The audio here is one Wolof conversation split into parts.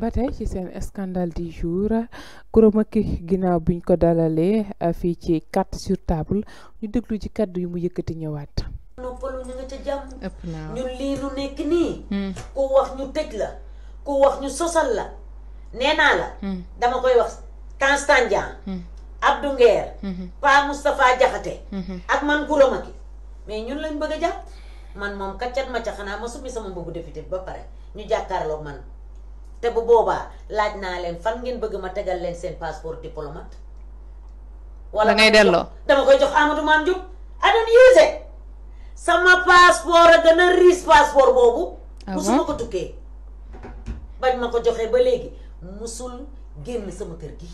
ba tey ci seen scandale du jour Coura Macky ginnaaw buñ ko dalalee eh, fii ci carte sur table ñu déglu ci kàddu yu mu yëkkati ñëwaat noppalu ñu nga ca jàmm ñun lii lu nekk nii hmm. ku wax ñu la ku wax ñu sosal la hmm. dama koy wax Constant hmm. Abdou Pa mais ñun lañ bëgg man moom kaccat ma ca xanaa ma summi sama mbubu député ba pare ñu jàkkaarloo man te bu boba laaj na len fan ngeen bëgg ma tegal len seen passeport diplomate. wala ngay delloo dama koy jox Amadou mam Diop. I don't use it sama passeport da ris ris riis passeport boobu. Ah musuma ko tukkee. bañ ma ko ba musul genn sama kër gi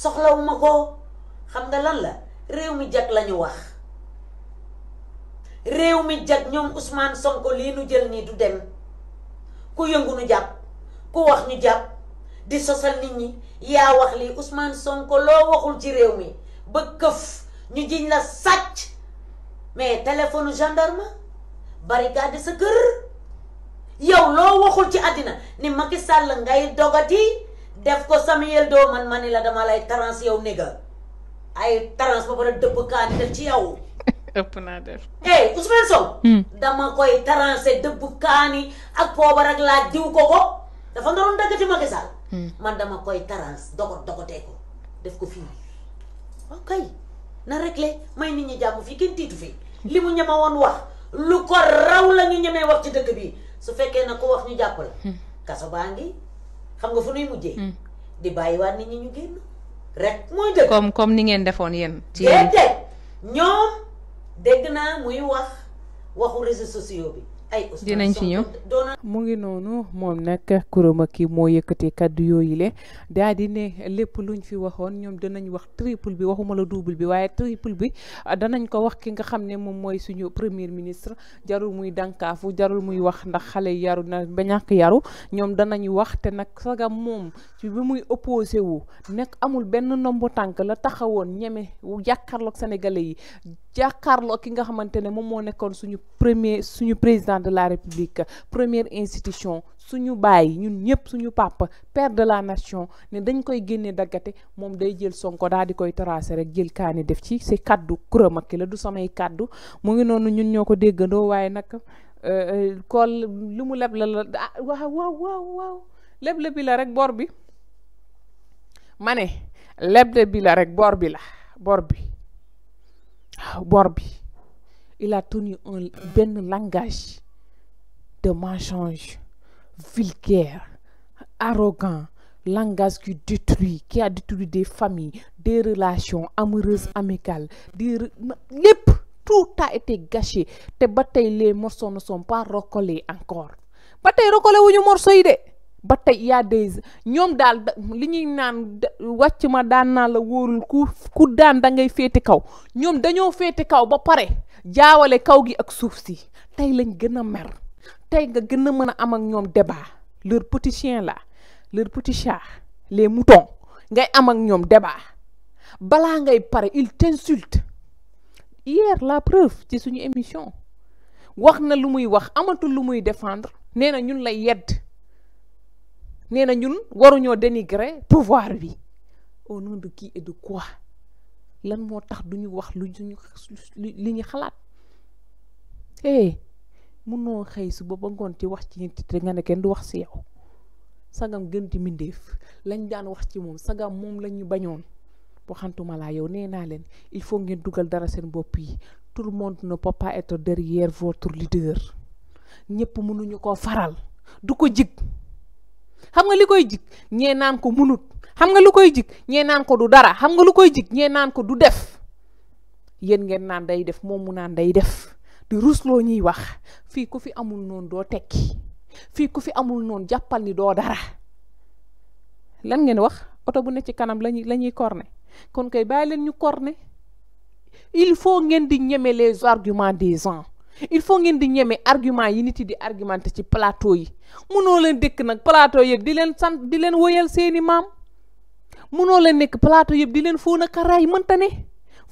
soxlawuma ko xam nga lan la réew mi jak lañu wax. réew mi jag ñoom Ousmane Sonko lii nu jël nii du dem ku yëngu nu jàpp ku wax ñu jàpp di sosal nit ñi yaa wax lii Ousmane Sonko loo waxul ci réew mi ba këf ñu jiñ la sàcc mais téléphone gendarme barricade sa kër yow loo waxul ci àddina ni Macky Sall ngay dogati def ko Samuel Doe man ma ni la dama lay tarans yow néga ay tarans ba pare dëpp ci yow ëpp naa def. eh Ousmane hmm. dama koy tarancé dëbb kaani ak poobar ak laa diw ko ko dafa naroon daggati Macky Sall. Hmm. man dama koy tarancé dogot dogotee ko def ko fii ok na réglé may nit ñi jàpp fii kenn tiitu fii. li mu ñeme woon wax lu ko raw la ñu ñemee wax ci dëkk bi su fekkee na ko wax ñu jàpp la. Hmm. kaso baa ngi xam nga fu nuy mujjee. di bàyyiwaat nit ñi ñu génn rek mooy dëkk. comme comme ni ngeen defoon yéen. ci yéen déedéet dégg naa muy wax waxu réseaux sociaux bi. dinañ ci ñëw mu ngi noonu moom nag kurama ki moo yëkkati kàddu yooyu le daa di ne lépp luñ fi waxoon ñoom danañ wax triple bi waxuma la double bi waaye triple bi danañ ko wax ki nga xam ne moom mooy suñu premier ministre jarul muy dànkaafu jarul muy wax ndax xale yaru na ba ñàkk yaru ñoom danañ wax te nag saga moom bi muy opposé wu nekk amul benn nombu tànk la taxawoon ñeme jàkkaarloog sénégalais yi jàkkaarloo ki nga xamante ne moom moo nekkoon suñu premier suñu président de la république première institution suñu bàyyi ñun ñëpp suñu papa père de la nation ne dañ koy génne daggate moom day jël sonko daal di koy tracé rek jël kaani def ci si kaddu kuram ak ki la du samay kàddu mu ngi noonu ñun ñoo ko déggandoo waaye nag euh, euh, kool lu mu leb la la ah waaw waaw waaw leb la la rek bor bi ma ne leb la bi la rek bor bi la bor bi BORBI, il a tenu un langage de mensonge vulgaire arrogant langage qui détruit qui a détruit des familles des relations amoureuses amicales tout a été gâché te batailles les morceaux ne sont pas recollés encore les morceaux ba tey y des ñoom daal li ñuy naan wàcc ma daan naa la wóorul ku ku daan da ngay féete kaw ñoom dañoo féete kaw ba pare jaawale kaw gi ak suuf si tey lañ gën a mer tey nga gën a mën a am ak ñoom débat leur petit chien là leur petit chat les moutons ngay am ak ñoom débat balaa ngay pare il t'insulte hier la preuve ci suñu émission wax na lu muy wax amatul lu muy défendre nee na ñun lay yedd Nous le dénigrer pouvoir au nom de qui et de quoi lan mo tax duñu wax lu ñu xalaat eh mënoo xey su ci wax ci nit du wax yow sagam gënti mindeef lañ daan wax ci sagam mom nous bañoon waxantuma la yow len il faut ngeen duggal dara seen bop yi tout le monde ne peut pas être derrière votre leader faral du xam nga li koy jig ñee naan ko munut xam nga lu koy jig ñee naan ko du dara xam nga lu koy jig ñee naan ko du def yéen ngeen naan day def moom mu naan day def di rusloo ñuy wax fii ku fi amul noon doo tekki fii ku fi amul noon jàppal ni doo dara lan ngeen wax oto bu ne ci kanam lañuy la ñuy kon kay bàyyi leen ñu corné il faut ngeen di ñeme les arguments des gens il faut ngeen di ñeme argument yi nit yi di argumenté ci plateau yi mënoo leen dëkk nag plateau yëpp di leen sant di leen woyal seeni maam mënoo leen nekk plateau yëpp di leen fóon ak raay mënta ne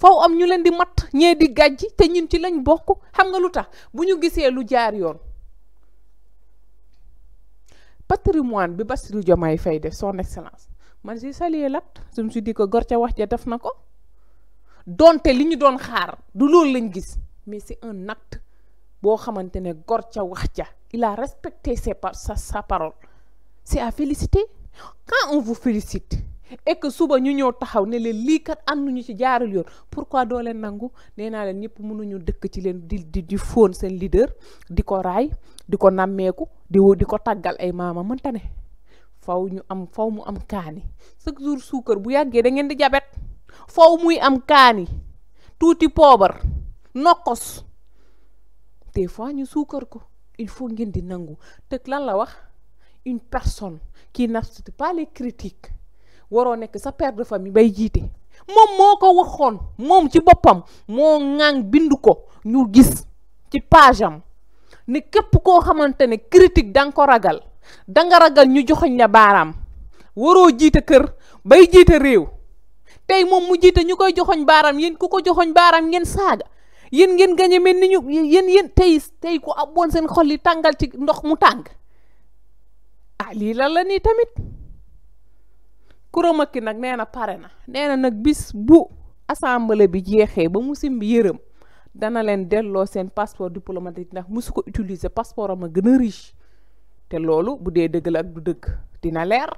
faw am ñu leen di matt ñee di gàjj te ñun ci lañ bokk xam nga lu tax bu ñu gisee lu jaar yoon patrimoine bi Bassirou Diomaye Faye def son excellence man si salie l'acte je me suis dit que gor ca wax ja def na ko donte li ñu doon xaar du loolu lañ gis mais c'est un acte boo xamante ne gor ca wax ja il a respecté sa sa parole c'est à féliciter quand on vous félicite et que suba ñu ñëw taxaw ne leen lii kat ànduñu ci jaarul yoon pourquoi doo leen nangu nee naa leen ñëpp mënuñu dëkk ci leen di di di fóon seen leader di ko raay di ko nàmmeeku di di ko tàggal ay maama mënta ne faw ñu am faw mu am kaani chaque jour suukar bu yàggee da ngeen di jabet faw muy am kaani tuuti poobar nokkos des fois ñu suukar ko il faut ngeen di nangu teg lan la wax une personne qui n'accepte pas les critiques waroo nekk sa père de famille bay jiite moom moo ko waxoon moom ci boppam moo ŋaaŋ bind ko ñu gis ci page am ne képp koo xamante ne critique da nga ko ragal danga ragal ñu joxoñ la baaraam waroo jiite kër bay jiite réew tey moom mu jiite ñu koy joxoñ baaraam yéen ku ko joxoñ baaraam ngeen saaga yéen ngeen gañe mel ni ñu yéen yéen tey tey ku abboon seen xol yi tàngal ci ndox mu tàng ah lii la la nii tamit Kouromacky nag nee na pare na nee na nag bis bu assambale bi jeexee ba mu simb yërëm dana leen delloo seen passeport diplomatique ndax musu ko utiliser passeport am a gën a riche te loolu bu dee dëgg la ak du dëgg dina leer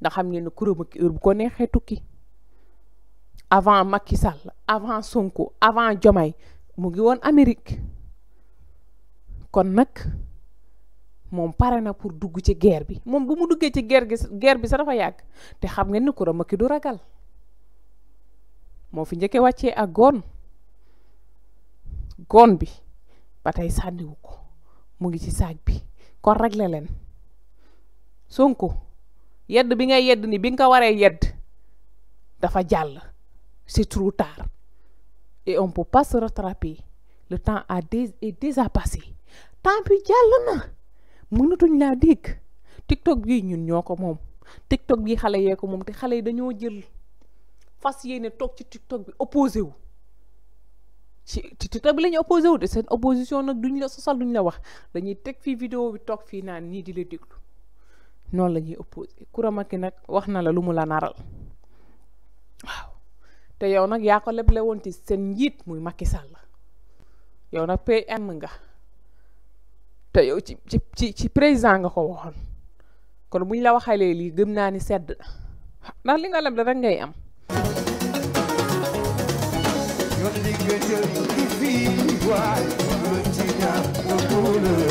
ndax xam ngeen ne Kouromacky bu ko neexee tukki avant Macky Sall avant Sonko avant jomay mu ngi woon Amérique kon nag moom pare na pour dugg ci guerre bi moom bu mu duggee ci guerre bi sax dafa yàgg te xam nga ni Coura Macky du ragal moo fi njëkkee wàccee ak goon goon bi ba tey sànniwu ko mu ngi ci saag bi kon regle leen Sonko yedd bi ngay yedd ni bi nga waree yedd dafa jàll c'est trop tard. Et on ne peut pas se rattraper. Le temps a dé est déjà passé. Tant pis jàll na mënatuñ laa dégg TikTok bii ñun ñoo ko moom TikTok bii xale yee ko moom te xale yi dañoo jël fas yéene toog ci TikTok bi opposé wu. ci TikTok bi la ñu wu de seen opposition nag duñ la sosal duñ la wax dañuy teg fii vidéo bi toog fii naan nii di la déglu noonu la ñuy opposé Coura nag wax na la lu mu la naral waaw. te yow nag yaa ko leble woon ci seen njiit muy Macky Sall yow nag PM nga te yow ci ci ci ci président nga ko waxoon kon buñ la waxalee lii gëm naa ni sedd ndax li nga leble rek ngay am.